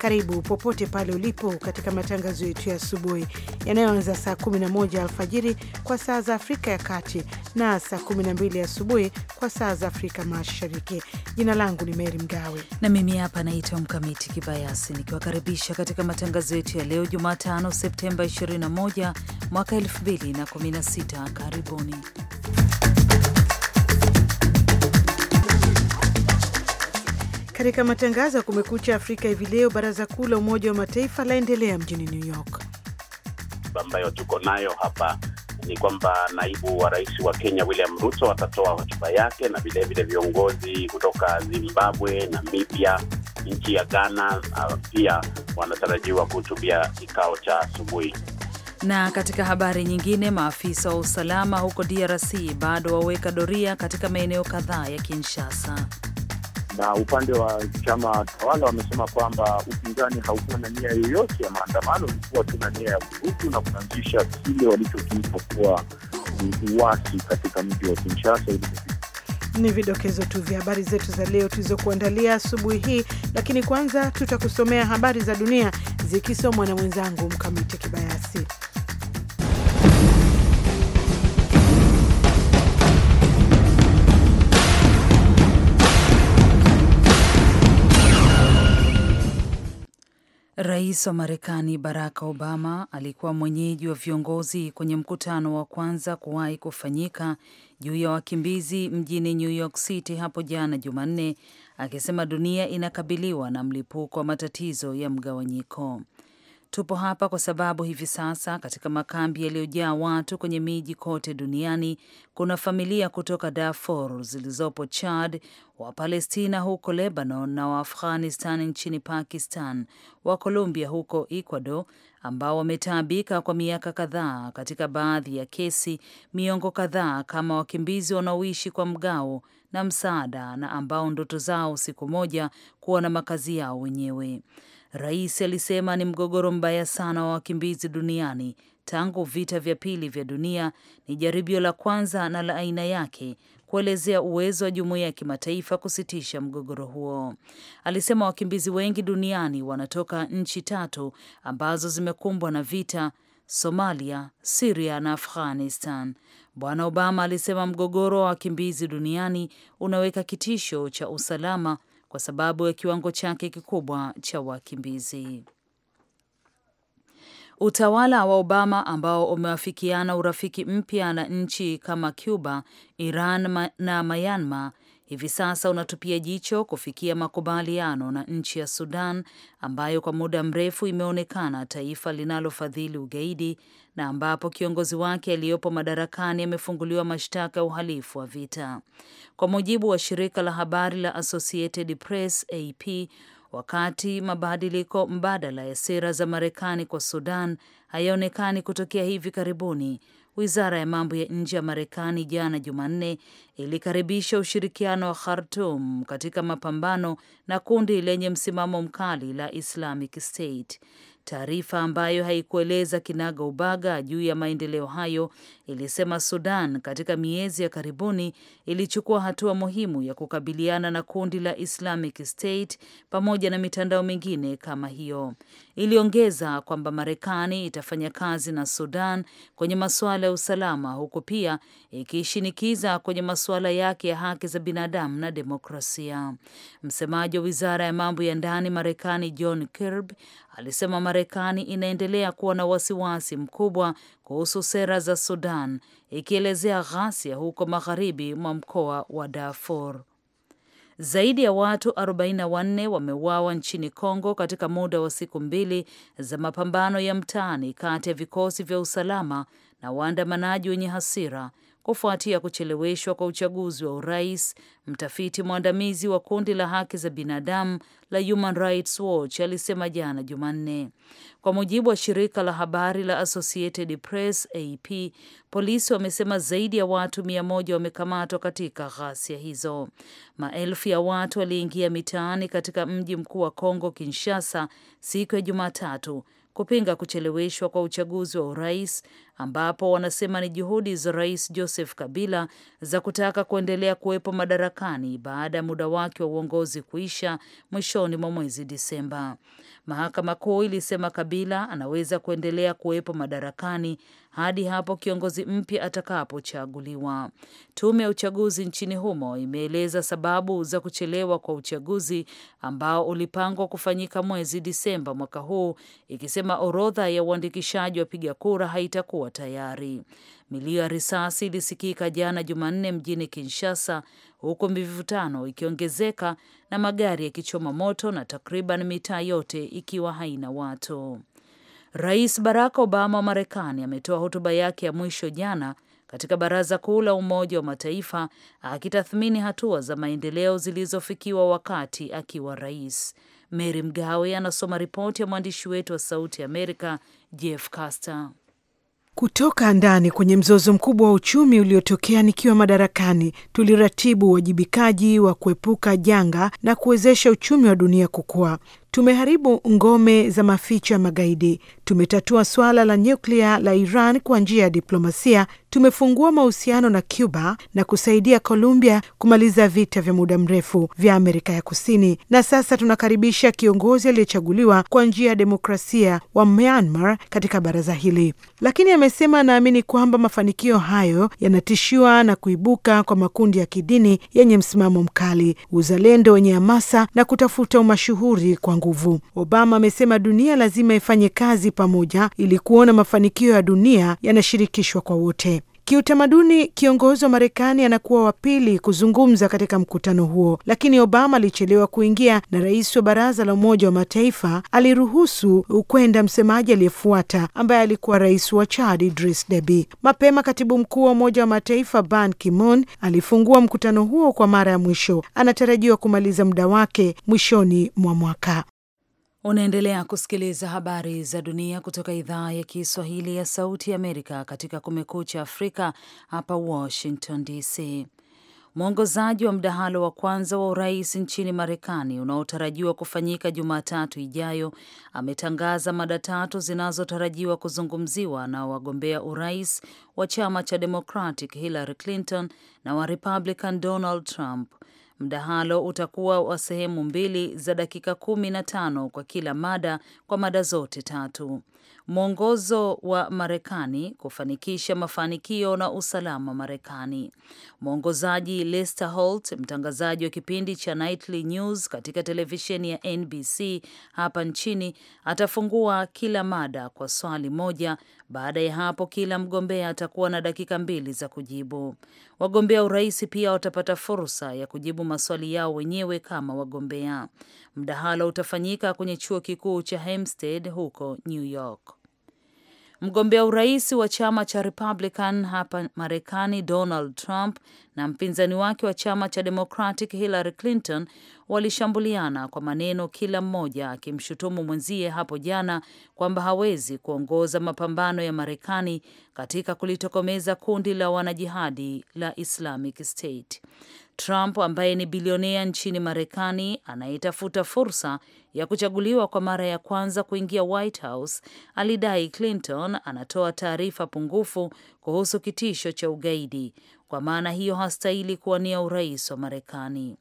Karibu popote pale ulipo katika matangazo yetu ya asubuhi yanayoanza saa 11 alfajiri kwa saa za Afrika ya Kati na saa 12 asubuhi kwa saa za Afrika Mashariki. Jina langu ni Meri Mgawe na mimi hapa naitwa Mkamiti Kibayasi nikiwakaribisha katika matangazo yetu ya leo Jumatano, Septemba 21 mwaka 2016. Karibuni. Katika matangazo ya Kumekucha Afrika hivi leo, baraza kuu la Umoja wa Mataifa laendelea mjini New York. Ambayo tuko nayo hapa ni kwamba naibu wa rais wa Kenya William Ruto atatoa hotuba yake na vilevile viongozi kutoka Zimbabwe, Namibia, nchi ya Ghana pia wanatarajiwa kuhutubia kikao cha asubuhi. Na katika habari nyingine, maafisa wa usalama huko DRC bado waweka doria katika maeneo kadhaa ya Kinshasa na upande wa chama tawala wamesema kwamba upinzani haukuwa na nia yoyote ya maandamano, ulikuwa tu na nia ya vurugu na kuanzisha kile walichokiita kuwa uwasi katika mji wa Kinshasa. Ni vidokezo tu vya habari zetu za leo tulizokuandalia asubuhi hii, lakini kwanza tutakusomea habari za dunia zikisomwa na mwenzangu Mkamiti Kibayasi. Rais wa Marekani Barack Obama alikuwa mwenyeji wa viongozi kwenye mkutano wa kwanza kuwahi kufanyika juu ya wakimbizi mjini New York City hapo jana Jumanne, akisema dunia inakabiliwa na mlipuko wa matatizo ya mgawanyiko. Tupo hapa kwa sababu hivi sasa katika makambi yaliyojaa watu kwenye miji kote duniani kuna familia kutoka Darfur zilizopo Chad, Wapalestina huko Lebanon na Waafghanistan nchini Pakistan, wa Colombia huko Ecuador ambao wametaabika kwa miaka kadhaa, katika baadhi ya kesi miongo kadhaa, kama wakimbizi wanaoishi kwa mgao na msaada na ambao ndoto zao siku moja kuwa na makazi yao wenyewe. Rais alisema ni mgogoro mbaya sana wa wakimbizi duniani tangu vita vya pili vya dunia. Ni jaribio la kwanza na la aina yake kuelezea uwezo wa jumuiya ya kimataifa kusitisha mgogoro huo. Alisema wakimbizi wengi duniani wanatoka nchi tatu ambazo zimekumbwa na vita: Somalia, Siria na Afghanistan. Bwana Obama alisema mgogoro wa wakimbizi duniani unaweka kitisho cha usalama kwa sababu ya kiwango chake kikubwa cha wakimbizi. Utawala wa Obama ambao umewafikiana urafiki mpya na nchi kama Cuba, Iran na Myanmar hivi sasa unatupia jicho kufikia makubaliano na nchi ya Sudan ambayo kwa muda mrefu imeonekana taifa linalofadhili ugaidi na ambapo kiongozi wake aliyopo madarakani amefunguliwa mashtaka ya uhalifu wa vita. Kwa mujibu wa shirika la habari la Associated Press AP, wakati mabadiliko mbadala ya sera za Marekani kwa Sudan hayaonekani kutokea hivi karibuni, Wizara ya mambo ya nje ya Marekani jana Jumanne ilikaribisha ushirikiano wa Khartum katika mapambano na kundi lenye msimamo mkali la Islamic State. Taarifa ambayo haikueleza kinaga ubaga juu ya maendeleo hayo ilisema Sudan katika miezi ya karibuni ilichukua hatua muhimu ya kukabiliana na kundi la Islamic State pamoja na mitandao mingine kama hiyo. Iliongeza kwamba Marekani itafanya kazi na Sudan kwenye masuala ya usalama, huku pia ikishinikiza kwenye masuala yake ya haki za binadamu na demokrasia. Msemaji wa wizara ya mambo ya ndani Marekani John Kirby alisema Marekani inaendelea kuwa na wasiwasi mkubwa kuhusu sera za Sudan, ikielezea ghasia huko magharibi mwa mkoa wa Darfur. Zaidi ya watu 44 wameuawa nchini Kongo katika muda wa siku mbili za mapambano ya mtaani kati ya vikosi vya usalama na waandamanaji wenye hasira kufuatia kucheleweshwa kwa uchaguzi wa urais. Mtafiti mwandamizi wa kundi la haki za binadamu la Human Rights Watch alisema jana Jumanne, kwa mujibu wa shirika la habari la Associated Press AP. Polisi wamesema zaidi ya watu mia moja wamekamatwa katika ghasia hizo. Maelfu ya watu waliingia mitaani katika mji mkuu wa Kongo, Kinshasa, siku ya Jumatatu kupinga kucheleweshwa kwa uchaguzi wa urais ambapo wanasema ni juhudi za Rais Joseph Kabila za kutaka kuendelea kuwepo madarakani baada ya muda wake wa uongozi kuisha mwishoni mwa mwezi Disemba. Mahakama Kuu ilisema Kabila anaweza kuendelea kuwepo madarakani hadi hapo kiongozi mpya atakapochaguliwa. Tume ya uchaguzi nchini humo imeeleza sababu za kuchelewa kwa uchaguzi ambao ulipangwa kufanyika mwezi Disemba mwaka huu, ikisema orodha ya uandikishaji wapiga kura haitakuwa tayari. Milio ya risasi ilisikika jana Jumanne mjini Kinshasa, huku mivutano ikiongezeka na magari yakichoma moto na takriban mitaa yote ikiwa haina watu. Rais Barack Obama wa Marekani ametoa hotuba yake ya mwisho jana katika Baraza Kuu la Umoja wa Mataifa akitathmini hatua za maendeleo zilizofikiwa wakati akiwa rais. Mary Mgawe anasoma ripoti ya mwandishi wetu wa Sauti Amerika Jeff Caster. Kutoka ndani kwenye mzozo mkubwa wa uchumi uliotokea nikiwa madarakani, tuliratibu uwajibikaji wa kuepuka janga na kuwezesha uchumi wa dunia kukua. Tumeharibu ngome za maficho ya magaidi, tumetatua swala la nyuklia la Iran kwa njia ya diplomasia, tumefungua mahusiano na Cuba na kusaidia Colombia kumaliza vita vya muda mrefu vya Amerika ya Kusini, na sasa tunakaribisha kiongozi aliyechaguliwa kwa njia ya demokrasia wa Myanmar katika baraza hili. Lakini amesema anaamini kwamba mafanikio hayo yanatishiwa na kuibuka kwa makundi ya kidini yenye msimamo mkali, uzalendo wenye hamasa na kutafuta umashuhuri kwa nguvu. Obama amesema dunia lazima ifanye kazi pamoja ili kuona mafanikio ya dunia yanashirikishwa kwa wote. Kiutamaduni, kiongozi wa Marekani anakuwa wa pili kuzungumza katika mkutano huo, lakini Obama alichelewa kuingia na rais wa baraza la Umoja wa Mataifa aliruhusu kwenda msemaji aliyefuata ambaye alikuwa rais wa Chad, Idris Deby. Mapema katibu mkuu wa Umoja wa Mataifa Ban Ki-moon alifungua mkutano huo kwa mara ya mwisho. Anatarajiwa kumaliza muda wake mwishoni mwa mwaka. Unaendelea kusikiliza habari za dunia kutoka idhaa ya Kiswahili ya Sauti ya Amerika katika Kumekucha Afrika hapa Washington DC. Mwongozaji wa mdahalo wa kwanza wa urais nchini Marekani unaotarajiwa kufanyika Jumatatu ijayo ametangaza mada tatu zinazotarajiwa kuzungumziwa na wagombea urais wa chama cha Democratic Hillary Clinton na wa Republican Donald Trump. Mdahalo utakuwa wa sehemu mbili za dakika kumi na tano kwa kila mada kwa mada zote tatu. Mwongozo wa Marekani kufanikisha mafanikio na usalama Marekani. Mwongozaji Lester Holt, mtangazaji wa kipindi cha Nightly News katika televisheni ya NBC hapa nchini, atafungua kila mada kwa swali moja baada ya hapo, kila mgombea atakuwa na dakika mbili za kujibu. Wagombea urais pia watapata fursa ya kujibu maswali yao wenyewe kama wagombea. Mdahalo utafanyika kwenye chuo kikuu cha Hempstead huko New York. Mgombea urais wa chama cha Republican hapa Marekani, Donald Trump na mpinzani wake wa chama cha Democratic Hillary Clinton walishambuliana kwa maneno, kila mmoja akimshutumu mwenzie hapo jana kwamba hawezi kuongoza mapambano ya Marekani katika kulitokomeza kundi la wanajihadi la Islamic State. Trump ambaye ni bilionea nchini Marekani anayetafuta fursa ya kuchaguliwa kwa mara ya kwanza kuingia White House, alidai Clinton anatoa taarifa pungufu kuhusu kitisho cha ugaidi, kwa maana hiyo hastahili kuwania urais wa Marekani.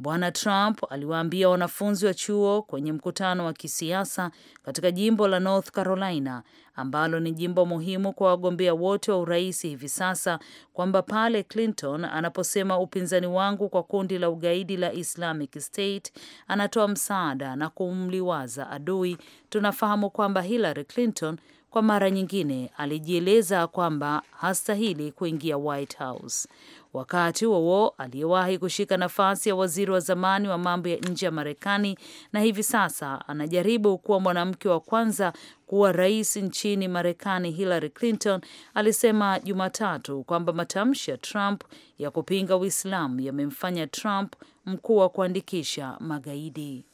Bwana Trump aliwaambia wanafunzi wa chuo kwenye mkutano wa kisiasa katika jimbo la North Carolina ambalo ni jimbo muhimu kwa wagombea wote wa urais hivi sasa kwamba pale Clinton anaposema upinzani wangu kwa kundi la ugaidi la Islamic State anatoa msaada na kumliwaza adui. Tunafahamu kwamba Hillary Clinton kwa mara nyingine alijieleza kwamba hastahili kuingia White House. Wakati huo aliyewahi kushika nafasi ya waziri wa zamani wa mambo ya nje ya Marekani na hivi sasa anajaribu kuwa mwanamke wa kwanza kuwa rais nchini Marekani, Hillary Clinton alisema Jumatatu kwamba matamshi ya Trump ya kupinga Uislamu yamemfanya Trump mkuu wa kuandikisha magaidi.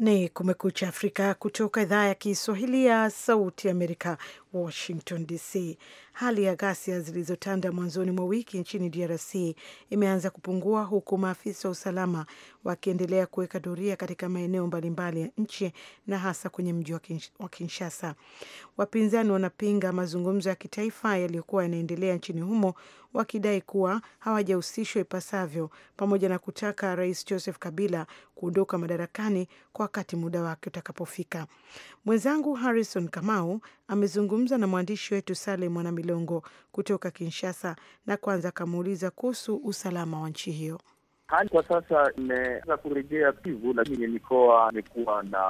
Ni Kumekucha Afrika kutoka idhaa ya Kiswahili ya Sauti Amerika, Washington DC. Hali ya ghasia zilizotanda mwanzoni mwa wiki nchini DRC imeanza kupungua huku maafisa wa usalama wakiendelea kuweka doria katika maeneo mbalimbali ya nchi na hasa kwenye mji wa Kinshasa. Wapinzani wanapinga mazungumzo ya kitaifa yaliyokuwa yanaendelea nchini humo wakidai kuwa hawajahusishwa ipasavyo, pamoja na kutaka Rais Joseph Kabila kuondoka madarakani kwa wakati muda wake utakapofika. Mwenzangu Harrison Kamau amezungumza na mwandishi wetu Sale Mwanamilongo kutoka Kinshasa, na kwanza akamuuliza kuhusu usalama wa nchi hiyo. Hali kwa sasa imeweza kurejea Kivu, lakini mikoa imekuwa na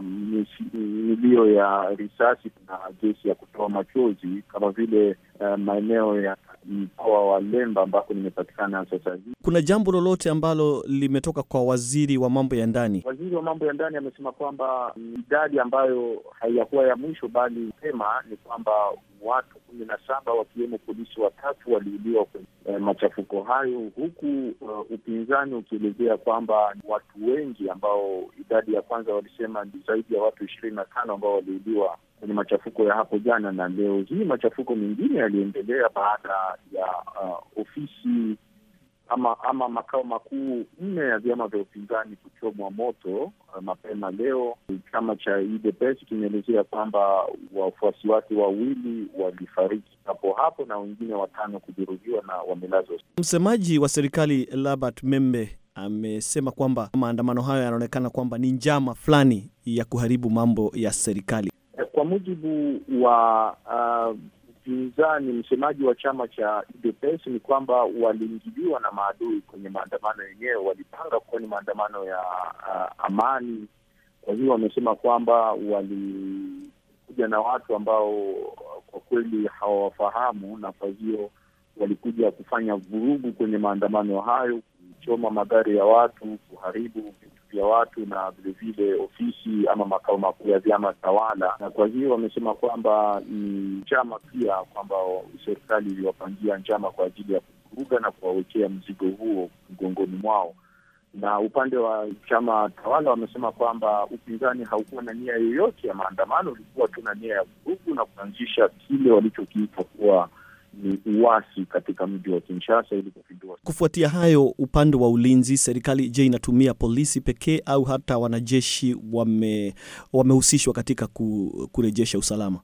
um, milio ya risasi na gesi ya kutoa machozi kama vile uh, maeneo ya mkoa wa Lemba ambako nimepatikana sasa hivi. Kuna jambo lolote ambalo limetoka kwa waziri wa mambo ya ndani? Waziri wa mambo ya ndani amesema kwamba idadi ambayo haiyakuwa ya mwisho, bali sema ni kwamba watu kumi na saba wakiwemo polisi watatu waliuliwa kwenye eh, machafuko hayo, huku uh, upinzani ukielezea kwamba watu wengi ambao idadi ya kwanza walisema ni zaidi ya watu ishirini na tano ambao waliuliwa kwenye machafuko ya hapo jana, na leo hii machafuko mengine yaliendelea baada ya uh, ofisi ama ama makao makuu nne ya vyama vya upinzani kuchomwa moto eh, mapema leo. Chama cha UDPS kimeelezea kwamba wafuasi wake wawili walifariki hapo hapo na wengine watano kujeruhiwa na wamelazwa. Msemaji wa serikali Labert Membe amesema kwamba maandamano hayo yanaonekana kwamba ni njama fulani ya kuharibu mambo ya serikali eh, kwa mujibu wa uh, mpinzani, msemaji wa chama cha UDPS ni kwamba waliingiliwa na maadui kwenye maandamano yenyewe. Walipanga kuwa ni maandamano ya uh, amani. Kwa hiyo wamesema kwamba walikuja na watu ambao kwa kweli hawawafahamu, na kwa hiyo walikuja kufanya vurugu kwenye maandamano hayo, kuchoma magari ya watu, kuharibu vitu ya watu na vilevile ofisi ama makao makuu ya vyama tawala, na kwa hiyo wamesema kwamba ni njama pia kwamba serikali iliwapangia njama kwa ajili ya kuvuruga na kuwawekea mzigo huo mgongoni mwao na upande wa chama tawala wamesema kwamba upinzani haukuwa na nia yoyote ya maandamano, ulikuwa tu na nia ya vurugu na kuanzisha kile walichokiita kuwa ni uasi katika mji wa Kinshasa ili kupindua. Kufuatia hayo, upande wa ulinzi, serikali je, inatumia polisi pekee au hata wanajeshi wamehusishwa wame katika kurejesha usalama?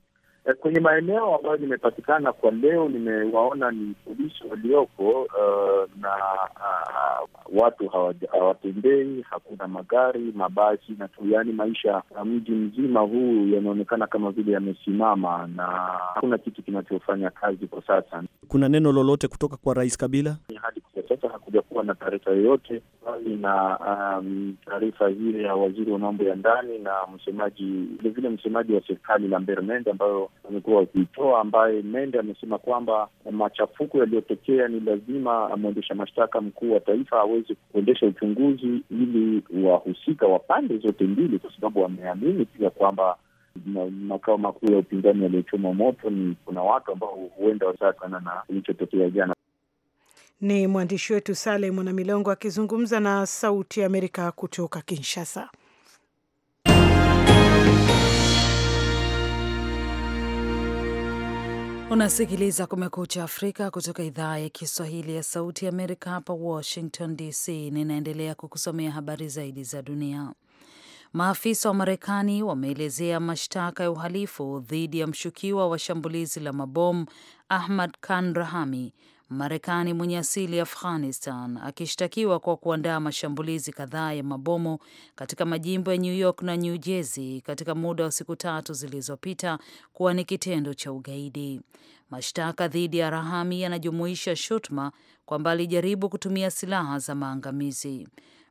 E, kwenye maeneo ambayo nimepatikana kwa leo nimewaona ni polisi walioko, uh, na uh, watu hawatembei, hakuna magari, mabasi na tu, yaani maisha ya mji mzima huu yanaonekana kama vile yamesimama na hakuna kitu kinachofanya kazi kwa sasa. Kuna neno lolote kutoka kwa Rais Kabila? sasa hakuja kuwa na taarifa yoyote bali na um, taarifa hiyo ya waziri wa mambo ya ndani na msemaji vilevile, msemaji wa serikali Lambert Mende ambayo wamekuwa wakiitoa, ambaye Mende amesema kwamba machafuko yaliyotokea ni lazima mwendesha mashtaka mkuu wa taifa aweze kuendesha uchunguzi ili wahusika wa pande zote mbili, kwa sababu wameamini pia kwamba makao makuu ya upinzani yaliyochoma moto ni kuna watu ambao huenda wasakana na kilichotokea jana. Ni mwandishi wetu Sale Mwanamilongo akizungumza na Sauti ya Amerika kutoka Kinshasa. Unasikiliza Kumekucha Afrika kutoka idhaa ya Kiswahili ya Sauti ya Amerika hapa Washington DC. Ninaendelea kukusomea habari zaidi za dunia. Maafisa wa Marekani wameelezea mashtaka ya uhalifu dhidi ya mshukiwa wa shambulizi la mabomu Ahmad Khan Rahami Marekani mwenye asili ya Afghanistan akishtakiwa kwa kuandaa mashambulizi kadhaa ya mabomu katika majimbo ya New York na New Jersey katika muda wa siku tatu zilizopita kuwa ni kitendo cha ugaidi. Mashtaka dhidi ya Rahami yanajumuisha shutuma kwamba alijaribu kutumia silaha za maangamizi.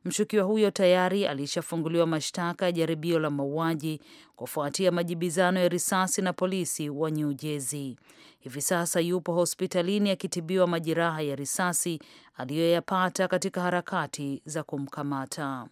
Mshukiwa huyo tayari alishafunguliwa mashtaka ya jaribio la mauaji kufuatia majibizano ya risasi na polisi wa New Jersey. Hivi sasa yupo hospitalini akitibiwa majeraha ya risasi aliyoyapata katika harakati za kumkamata.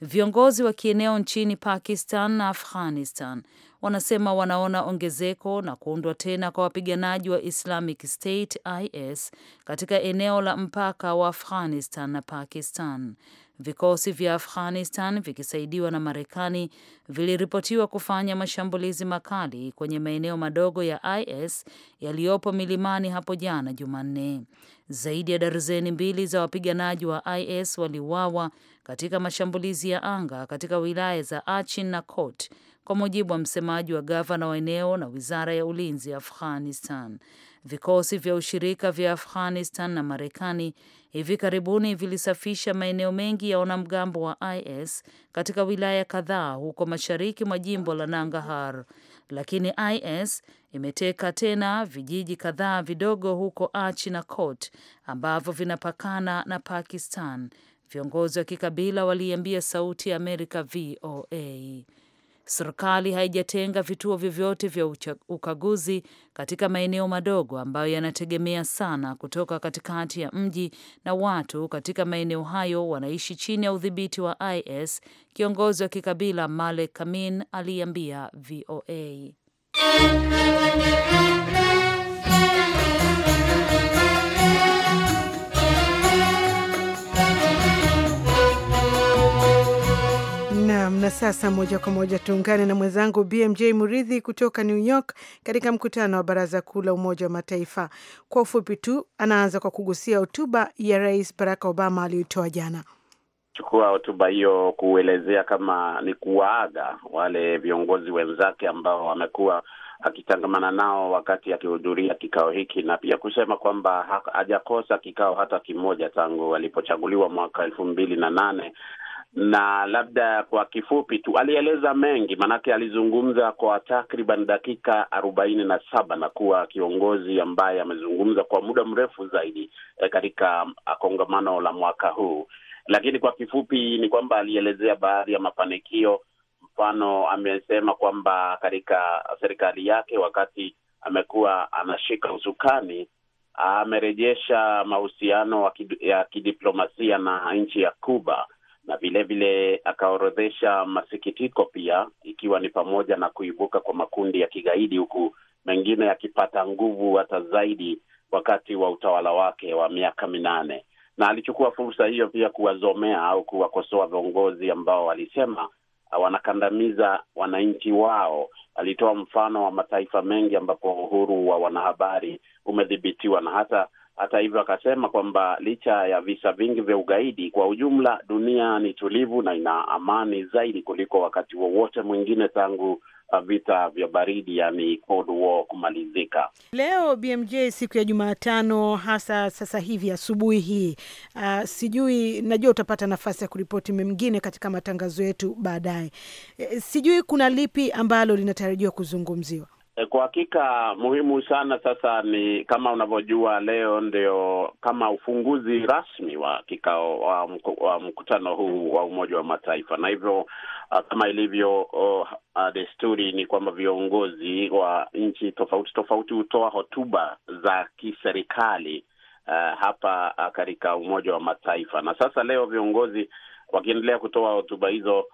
Viongozi wa kieneo nchini Pakistan na Afghanistan wanasema wanaona ongezeko na kuundwa tena kwa wapiganaji wa Islamic State IS katika eneo la mpaka wa Afghanistan na Pakistan. Vikosi vya Afghanistan vikisaidiwa na Marekani viliripotiwa kufanya mashambulizi makali kwenye maeneo madogo ya IS yaliyopo milimani hapo jana Jumanne. Zaidi ya darzeni mbili za wapiganaji wa IS waliuawa katika mashambulizi ya anga katika wilaya za Achin na Kot, kwa mujibu wa msemaji wa gavana wa eneo na wizara ya ulinzi ya Afghanistan. Vikosi vya ushirika vya Afghanistan na Marekani hivi karibuni vilisafisha maeneo mengi ya wanamgambo wa IS katika wilaya kadhaa huko mashariki mwa jimbo la Nangahar, lakini IS imeteka tena vijiji kadhaa vidogo huko Achi na Kot ambavyo vinapakana na Pakistan. Viongozi wa kikabila waliambia Sauti ya Amerika VOA serikali haijatenga vituo vyovyote vya ukaguzi katika maeneo madogo ambayo yanategemea sana kutoka katikati ya mji na watu katika maeneo hayo wanaishi chini ya udhibiti wa IS. Kiongozi wa kikabila Male Kamin aliambia VOA. Na sasa moja kwa moja tuungane na mwenzangu BMJ Muridhi kutoka New York katika mkutano wa Baraza Kuu la Umoja wa Mataifa. Kwa ufupi tu, anaanza kwa kugusia hotuba ya Rais Barack Obama aliyoitoa jana. Chukua hotuba hiyo kuelezea kama ni kuwaaga wale viongozi wenzake ambao wamekuwa akitangamana nao wakati akihudhuria kikao hiki na pia kusema kwamba hajakosa kikao hata kimoja tangu alipochaguliwa mwaka elfu mbili na nane na labda kwa kifupi tu alieleza mengi, maanake alizungumza kwa takriban dakika arobaini na saba na kuwa kiongozi ambaye amezungumza kwa muda mrefu zaidi eh, katika ah, kongamano la mwaka huu. Lakini kwa kifupi ni kwamba alielezea baadhi ya mafanikio. Mfano, amesema kwamba katika serikali yake wakati amekuwa anashika usukani amerejesha mahusiano ya kidiplomasia na nchi ya Cuba na vilevile akaorodhesha masikitiko pia, ikiwa ni pamoja na kuibuka kwa makundi ya kigaidi, huku mengine yakipata nguvu hata zaidi wakati wa utawala wake wa miaka minane. Na alichukua fursa hiyo pia kuwazomea au kuwakosoa viongozi ambao walisema wanakandamiza wananchi wao. Alitoa mfano wa mataifa mengi ambapo uhuru wa wanahabari umedhibitiwa na hata hata hivyo, akasema kwamba licha ya visa vingi vya ugaidi, kwa ujumla dunia ni tulivu na ina amani zaidi kuliko wakati wowote wa mwingine tangu uh, vita vya baridi, yani Cold War kumalizika. Leo BMJ siku ya Jumatano, hasa sasa hivi asubuhi hii, uh, sijui, najua utapata nafasi ya kuripoti mengine katika matangazo yetu baadaye. E, sijui kuna lipi ambalo linatarajiwa kuzungumziwa? Eh, kwa hakika muhimu sana sasa ni kama unavyojua, leo ndio kama ufunguzi rasmi wa kikao wa, mku, wa mkutano huu wa Umoja wa Mataifa, na hivyo ah, kama ilivyo uh, desturi ni kwamba viongozi wa nchi tofauti tofauti hutoa hotuba za kiserikali uh, hapa ah, katika Umoja wa Mataifa, na sasa leo viongozi wakiendelea kutoa hotuba hizo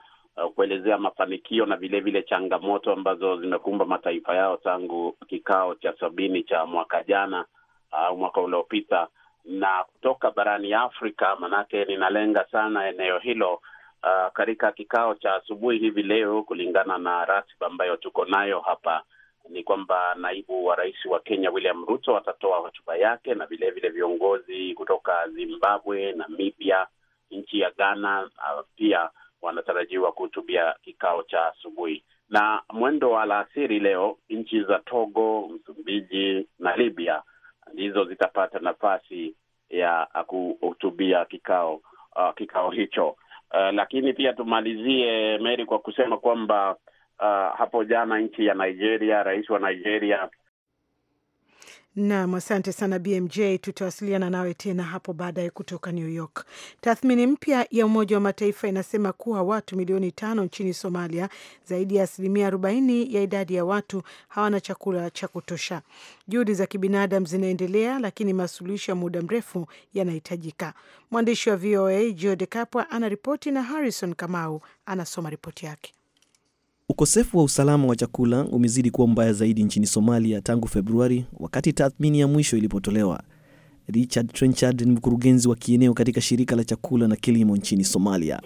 uh, kuelezea mafanikio na vilevile vile changamoto ambazo zimekumba mataifa yao tangu kikao cha sabini cha mwaka jana au uh, mwaka uliopita na kutoka barani Afrika, manake ninalenga sana eneo hilo uh, katika kikao cha asubuhi hivi leo, kulingana na ratiba ambayo tuko nayo hapa ni kwamba naibu wa rais wa Kenya William Ruto atatoa hotuba yake na vilevile viongozi kutoka Zimbabwe, Namibia, nchi ya Ghana uh, pia wanatarajiwa kuhutubia kikao cha asubuhi na mwendo wa alasiri leo. Nchi za Togo, Msumbiji na Libya ndizo zitapata nafasi ya kuhutubia kikao uh, kikao hicho uh, lakini pia tumalizie Meri kwa kusema kwamba uh, hapo jana nchi ya Nigeria, rais wa Nigeria Nam, asante sana BMJ. Tutawasiliana nawe tena hapo baadaye kutoka New York. Tathmini mpya ya Umoja wa Mataifa inasema kuwa watu milioni tano nchini Somalia, zaidi ya asilimia arobaini ya idadi ya watu hawana chakula cha kutosha. Juhudi za kibinadamu zinaendelea, lakini masuluhisho ya muda mrefu yanahitajika. Mwandishi wa VOA Joe De Capua anaripoti na Harrison Kamau anasoma ripoti yake. Ukosefu wa usalama wa chakula umezidi kuwa mbaya zaidi nchini Somalia tangu Februari, wakati tathmini ya mwisho ilipotolewa. Richard Trenchard ni mkurugenzi wa kieneo katika shirika la chakula na kilimo nchini Somalia.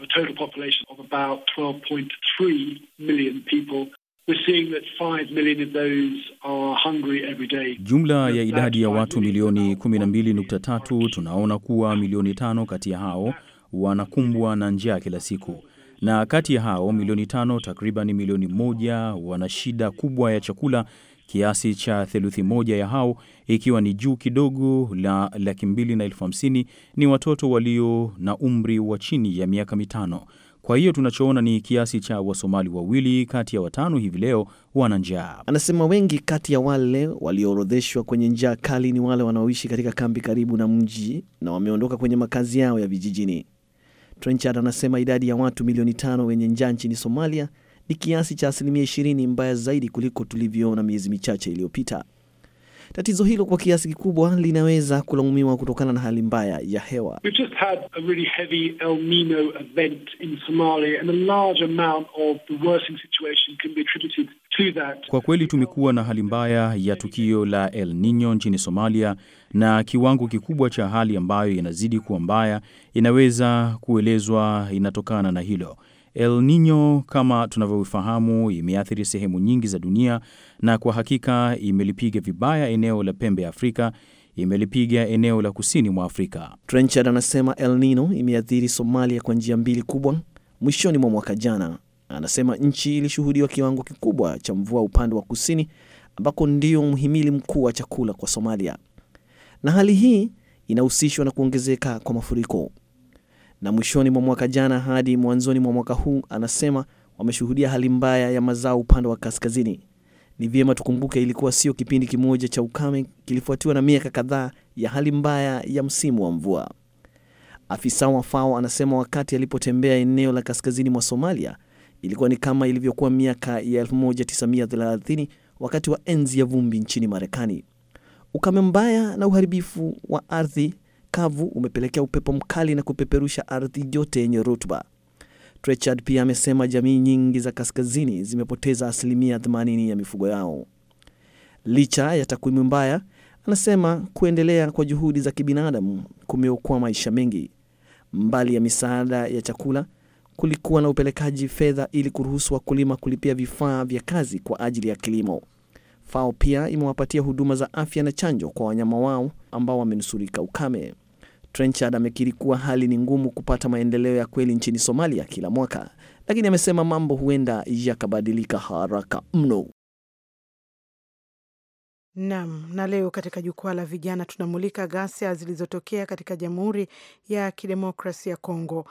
Jumla ya idadi ya watu milioni 12.3, tunaona kuwa milioni tano kati ya hao wanakumbwa na njaa kila siku na kati ya hao milioni tano takriban milioni moja wana shida kubwa ya chakula, kiasi cha theluthi moja ya hao ikiwa ni juu kidogo la laki mbili na elfu hamsini ni watoto walio na umri wa chini ya miaka mitano. Kwa hiyo tunachoona ni kiasi cha Wasomali wawili kati ya watano hivi leo wana njaa. Anasema wengi kati ya wale walioorodheshwa kwenye njaa kali ni wale wanaoishi katika kambi karibu na mji na wameondoka kwenye makazi yao ya vijijini. Trenchard anasema idadi ya watu milioni tano wenye njaa nchini Somalia ni kiasi cha asilimia ishirini mbaya zaidi kuliko tulivyoona miezi michache iliyopita. Tatizo hilo kwa kiasi kikubwa linaweza kulaumiwa kutokana na hali mbaya ya hewa. Kwa kweli tumekuwa na hali mbaya ya tukio la El Nino nchini Somalia na kiwango kikubwa cha hali ambayo inazidi kuwa mbaya inaweza kuelezwa inatokana na hilo. El Nino kama tunavyofahamu, imeathiri sehemu nyingi za dunia na kwa hakika imelipiga vibaya eneo la pembe ya Afrika, imelipiga eneo la kusini mwa Afrika. Trenchard anasema El Nino imeathiri Somalia kwa njia mbili kubwa mwishoni mwa mwaka jana Anasema nchi ilishuhudiwa kiwango kikubwa cha mvua upande wa kusini ambako ndio mhimili mkuu wa chakula kwa Somalia, na hali hii inahusishwa na kuongezeka kwa mafuriko. Na mwishoni mwa mwaka jana hadi mwanzoni mwa mwaka huu, anasema wameshuhudia hali mbaya ya mazao upande wa kaskazini. Ni vyema tukumbuke, ilikuwa sio kipindi kimoja cha ukame, kilifuatiwa na miaka kadhaa ya hali mbaya ya msimu wa mvua. Afisa wa FAO anasema wakati alipotembea eneo la kaskazini mwa Somalia ilikuwa ni kama ilivyokuwa miaka ya 1930 wakati wa enzi ya vumbi nchini Marekani. Ukame mbaya na uharibifu wa ardhi kavu umepelekea upepo mkali na kupeperusha ardhi yote yenye rutuba. Trechard pia amesema jamii nyingi za kaskazini zimepoteza asilimia 80 ya mifugo yao. Licha ya takwimu mbaya, anasema kuendelea kwa juhudi za kibinadamu kumeokoa maisha mengi. Mbali ya misaada ya chakula, kulikuwa na upelekaji fedha ili kuruhusu wakulima kulipia vifaa vya kazi kwa ajili ya kilimo. FAO pia imewapatia huduma za afya na chanjo kwa wanyama wao ambao wamenusurika ukame. Trenchard amekiri kuwa hali ni ngumu kupata maendeleo ya kweli nchini Somalia kila mwaka, lakini amesema mambo huenda yakabadilika haraka mno. Nam. Na leo katika jukwaa la vijana tunamulika ghasia zilizotokea katika Jamhuri ya Kidemokrasia ya Kongo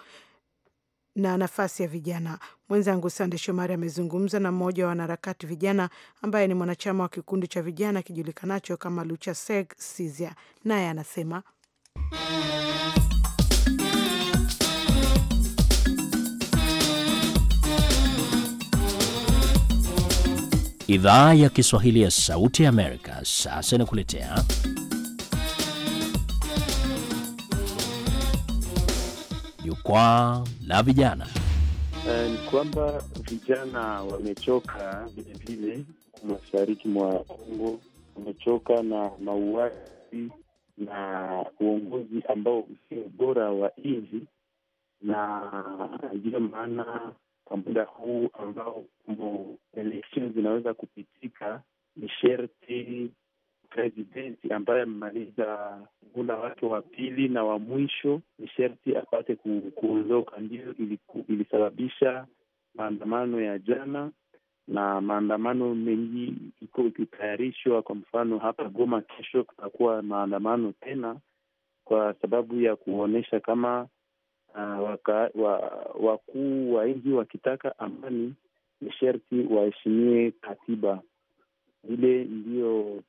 na nafasi ya vijana. Mwenzangu Sande Shomari amezungumza na mmoja wa wanaharakati vijana ambaye ni mwanachama wa kikundi cha vijana kijulikanacho kama lucha seg Sizia, naye anasema Idhaa ya Kiswahili ya Sauti ya Amerika sasa inakuletea jukwaa la vijana. Eh, ni kwamba vijana wamechoka vilevile mashariki mwa Kongo, wamechoka na mauaji na uongozi ambao usio bora wa nchi, na ndiyo maana kwa muda huu ambao eleksion zinaweza kupitika, ni sherti presidenti ambaye amemaliza mula wake wa pili na wa mwisho ni sherti apate kuondoka. Ndiyo ilisababisha maandamano ya jana na maandamano mengi iko ikitayarishwa. Kwa mfano hapa Goma, kesho kutakuwa maandamano tena kwa sababu ya kuonyesha kama uh, wakuu wa nchi wakitaka amani ni sherti waheshimie katiba. Ile ndiyo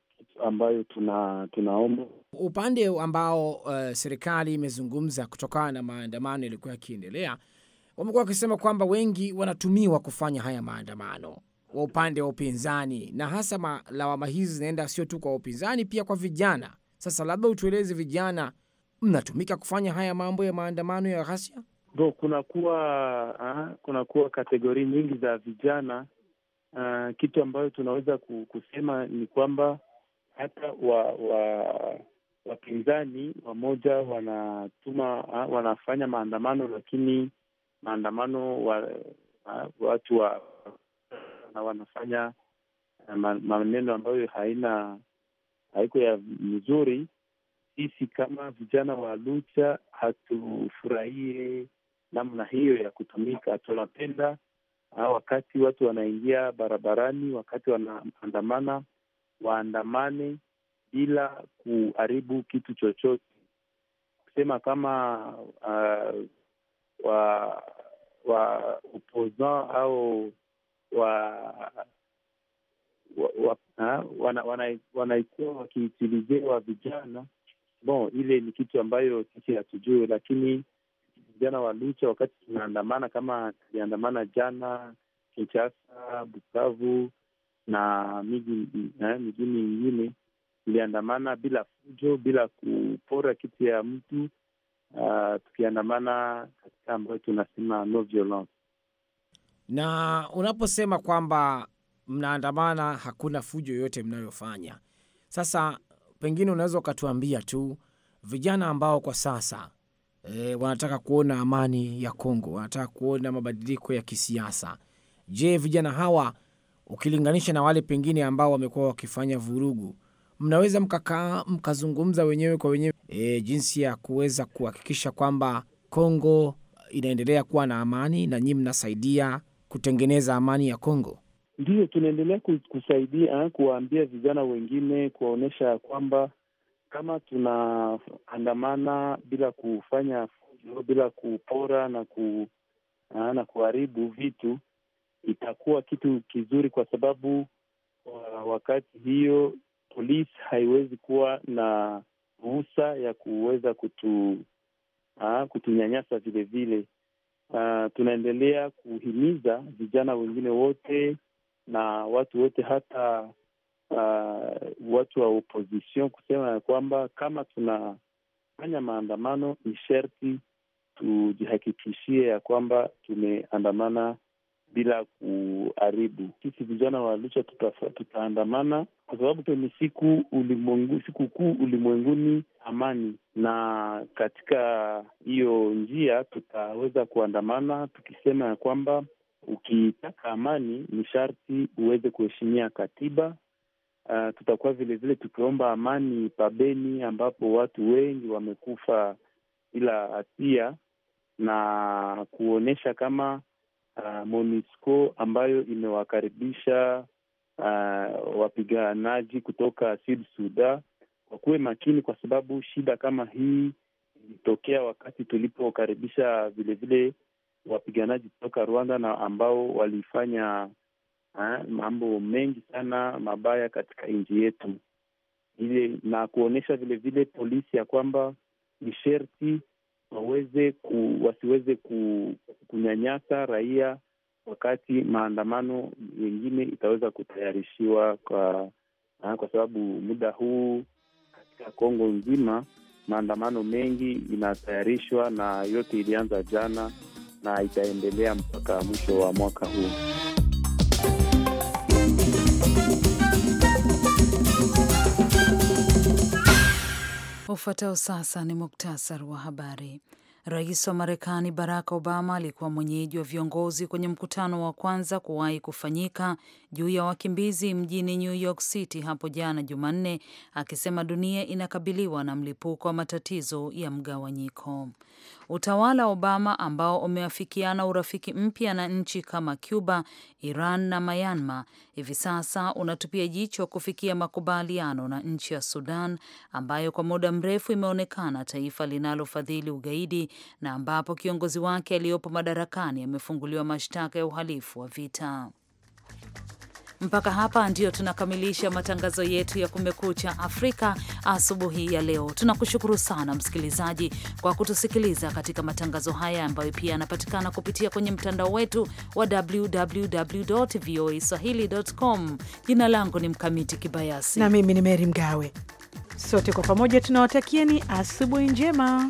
ambayo tuna tunaomba upande ambao uh, serikali imezungumza kutokana na maandamano yaliyokuwa yakiendelea, wamekuwa wakisema kwamba wengi wanatumiwa kufanya haya maandamano wa upande wa upinzani, na hasa lawama hizi zinaenda sio tu kwa upinzani, pia kwa vijana. Sasa labda utueleze, vijana mnatumika kufanya haya mambo ya maandamano ya ghasia? Ndo kunakuwa ah, kunakuwa kategori nyingi za vijana. Uh, kitu ambayo tunaweza kusema ni kwamba hata wa, wa wapinzani wamoja wanatuma wanafanya maandamano, lakini maandamano wa, watu wa na wanafanya eh, maneno ambayo haina haiko ya mzuri. Sisi kama vijana wa Lucha hatufurahie namna hiyo ya kutumika. Tunapenda wakati watu wanaingia barabarani, wakati wanaandamana waandamane bila kuharibu kitu chochote, kusema kama uh, wa wa opposant au wa wa wanaikuwa wana, wakiutilizewa vijana bon, ile ni kitu ambayo sisi hatujui, lakini vijana wa Lucha wakati tunaandamana, kama tuliandamana jana Kinshasa, Bukavu, na miji eh, mijini mingine tuliandamana bila fujo, bila kupora kitu ya mtu uh, tukiandamana katika ambayo tunasema no violence. Na unaposema kwamba mnaandamana, hakuna fujo yoyote mnayofanya, sasa pengine unaweza ukatuambia tu vijana ambao kwa sasa e, wanataka kuona amani ya Kongo, wanataka kuona mabadiliko ya kisiasa. Je, vijana hawa ukilinganisha na wale pengine ambao wamekuwa wakifanya vurugu, mnaweza mkakaa mkazungumza wenyewe kwa wenyewe e, jinsi ya kuweza kuhakikisha kwamba Kongo inaendelea kuwa na amani na nyii mnasaidia kutengeneza amani ya Kongo? Ndiyo, tunaendelea kusaidia ah, kuwaambia vijana wengine, kuwaonyesha ya kwamba kama tunaandamana bila kufanya fujo, bila kupora na ku ah, na kuharibu vitu, itakuwa kitu kizuri, kwa sababu uh, wakati hiyo polisi haiwezi kuwa na ruhusa ya kuweza kutu aa, uh, kutunyanyasa vilevile. Uh, tunaendelea kuhimiza vijana wengine wote na watu wote hata aa, watu wa opposition kusema ya kwamba kama tunafanya maandamano, ni sherti tujihakikishie ya kwamba tumeandamana bila kuharibu. Sisi vijana wa Lucha tutaandamana kwa sababu ni siku ulimwengu, siku kuu ulimwenguni amani, na katika hiyo njia tutaweza kuandamana tukisema ya kwamba ukitaka amani ni sharti uweze kuheshimia katiba. Uh, tutakuwa vilevile tukiomba amani pabeni ambapo watu wengi wamekufa bila hatia na kuonyesha kama uh, MONUSCO ambayo imewakaribisha uh, wapiganaji kutoka Sud Sudan wakuwe makini, kwa sababu shida kama hii ilitokea wakati tulipokaribisha vilevile wapiganaji kutoka Rwanda na ambao walifanya uh, mambo mengi sana mabaya katika nchi yetu ile, na kuonyesha vilevile polisi ya kwamba ni sherti waweze ku, wasiweze ku, kunyanyasa raia wakati maandamano yengine itaweza kutayarishiwa kwa ah, kwa sababu muda huu katika Kongo nzima maandamano mengi inatayarishwa na yote ilianza jana na itaendelea mpaka mwisho wa mwaka huu. Ufuatao sasa ni muktasar wa habari. Rais wa Marekani Barack Obama alikuwa mwenyeji wa viongozi kwenye mkutano wa kwanza kuwahi kufanyika juu ya wakimbizi mjini New York City hapo jana Jumanne, akisema dunia inakabiliwa na mlipuko wa matatizo ya mgawanyiko. Utawala wa Obama ambao umeafikiana urafiki mpya na nchi kama Cuba, Iran na Myanmar, hivi sasa unatupia jicho kufikia makubaliano na nchi ya Sudan ambayo kwa muda mrefu imeonekana taifa linalofadhili ugaidi na ambapo kiongozi wake aliyopo madarakani amefunguliwa mashtaka ya uhalifu wa vita. Mpaka hapa ndio tunakamilisha matangazo yetu ya Kumekucha Afrika asubuhi ya leo. Tunakushukuru sana msikilizaji kwa kutusikiliza katika matangazo haya ambayo pia yanapatikana kupitia kwenye mtandao wetu wa www voa swahili.com. Jina langu ni Mkamiti Kibayasi na mimi ni Meri Mgawe. Sote kwa pamoja tunawatakieni asubuhi njema.